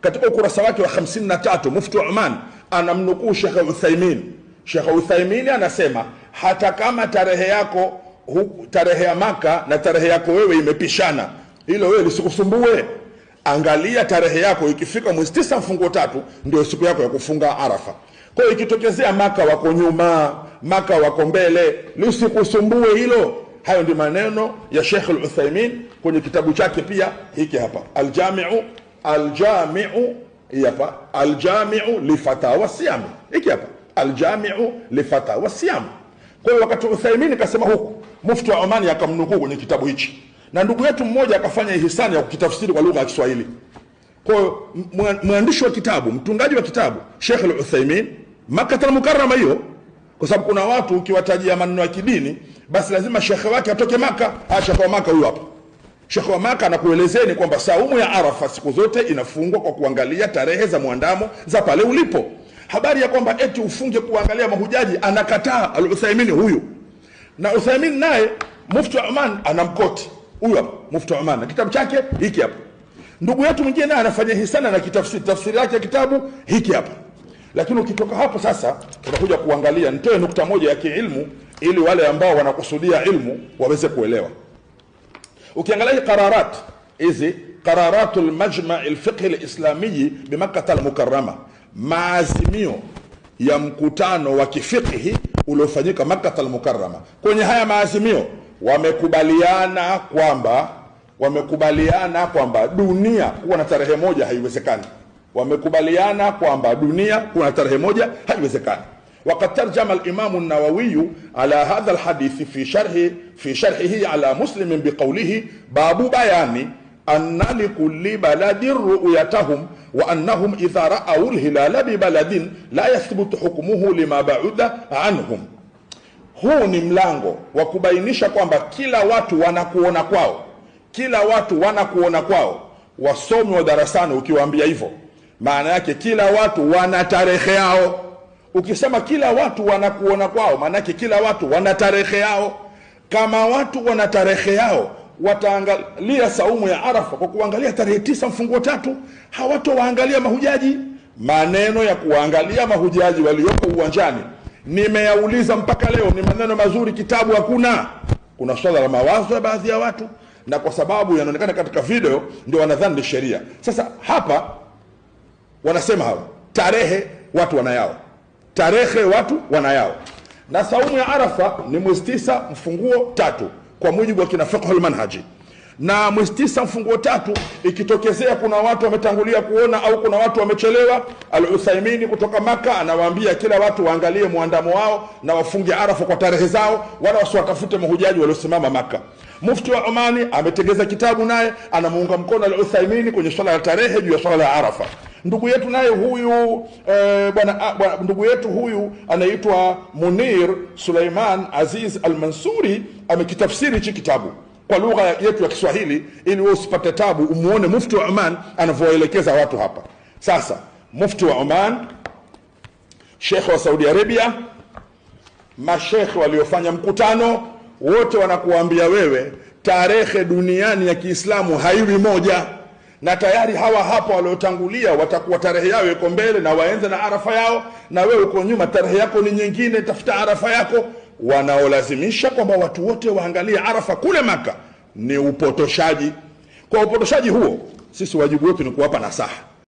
katika ukurasa wake wa 53 mufti wa Oman anamnukuu Shekhe Uthaimin. Shekhe Uthaimin anasema hata kama tarehe yako tarehe ya Maka na tarehe yako wewe imepishana, hilo wewe lisikusumbue. Angalia tarehe yako ikifika mwezi tisa mfungo tatu ndio siku yako ya kufunga Arafa. Kwa hiyo ikitokezea Maka wako nyuma, Maka wako mbele, lisikusumbue hilo. Hayo ndio maneno ya Sheikh Al-Uthaymeen kwenye kitabu chake pia hiki hapa Al-Jami'u aljamiu hii hapa aljamiu lifatawa siami hiki hapa aljamiu lifatawa siami kwa hiyo wakati uthaimin kasema huku mufti wa omani akamnukuu kwenye kitabu hichi na ndugu yetu mmoja akafanya hisani ya kukitafsiri kwa lugha ya kiswahili kwa hiyo mwandishi wa kitabu mtungaji wa kitabu shekh luthaimin makatal mukarama hiyo kwa sababu kuna watu ukiwatajia maneno ya kidini basi lazima shekhe wake atoke maka ashatoa maka huyo hapa Sheikh wa Wamaka anakuelezeni kwamba saumu ya Arafa siku zote inafungwa kwa kuangalia tarehe za mwandamo za pale ulipo. Habari ya kwamba eti ufunge kuangalia mahujaji anakataa Al-Uthaymeen huyu, na Uthaymeen naye mufti wa Oman anamkoti huyu hapa, mufti wa Oman na kitabu chake hiki hapa. Ndugu yetu mwingine naye anafanya hisana na kitafsiri, tafsiri yake ya kitabu hiki hapa. Lakini ukitoka hapo sasa tunakuja kuangalia, nitoe nukta moja ya kiilmu ili wale ambao wanakusudia ilmu waweze kuelewa ukiangalia qararat hizi qararatu lmajmai lfiqhi lislamiyi bimakkata almukarama maazimio ya mkutano wa kifiqhi uliofanyika makkata almukarama kwenye haya maazimio wamekubaliana kwamba wamekubaliana kwamba dunia kuwa na tarehe moja haiwezekani wamekubaliana kwamba dunia kuwa na tarehe moja haiwezekani وقد ترجم الإمام النووي على هذا الحديث في شرحه في شرحه على مسلم بقوله باب بيان أن لكل بلد رؤيتهم وأنهم إذا رأوا الهلال ببلد لا يثبت حكمه لما بعد عنهم huu ni mlango wa kubainisha kwamba kila watu wanakuona kwao kila watu wanakuona kwao wasomi wa darasani ukiwaambia hivyo maana yake kila watu wana tarehe yao Ukisema kila watu wanakuona kwao, maanake kila watu wana tarehe yao. Kama watu wana tarehe yao, wataangalia saumu ya Arafa kwa kuangalia tarehe tisa mfunguo tatu, hawatowaangalia mahujaji. Maneno ya kuwaangalia mahujaji walioko uwanjani nimeyauliza mpaka leo, ni maneno mazuri, kitabu hakuna. Kuna swala la mawazo ya baadhi ya watu, na kwa sababu yanaonekana katika video ndio wanadhani ni sheria. Sasa hapa wanasema hawa tarehe watu wanayao tarehe watu wanayao, na saumu ya Arafa ni mwezi tisa mfunguo tatu kwa mujibu wa kina fiqhul manhaji na mwezi tisa mfunguo tatu, ikitokezea kuna watu wametangulia kuona au kuna watu wamechelewa, al kutoka Maka anawaambia kila watu waangalie mwandamo wao na wafunge Arafa kwa tarehe zao, wala wasiwatafute mahujaji waliosimama Maka. Mufti wa Omani ametengeza kitabu, naye anamuunga mkono al uthaimini kwenye swala la tarehe juu ya swala la Arafa. Ndugu yetu naye huyu e, bwana ndugu yetu huyu anaitwa Munir Suleiman Aziz Al-Mansuri amekitafsiri hichi kitabu kwa lugha yetu ya Kiswahili ili wewe usipate tabu, umuone mufti wa Oman anavyoelekeza watu hapa. Sasa mufti wa Oman, Sheikh wa Saudi Arabia, mashekhe waliofanya mkutano wote wanakuambia wewe, tarehe duniani ya Kiislamu haiwi moja na tayari hawa hapo waliotangulia watakuwa tarehe yao iko mbele, na waenze na arafa yao, na wewe uko nyuma, tarehe yako ni nyingine, tafuta arafa yako. Wanaolazimisha kwamba watu wote waangalie arafa kule Maka ni upotoshaji. Kwa upotoshaji huo, sisi wajibu wetu ni kuwapa nasaha.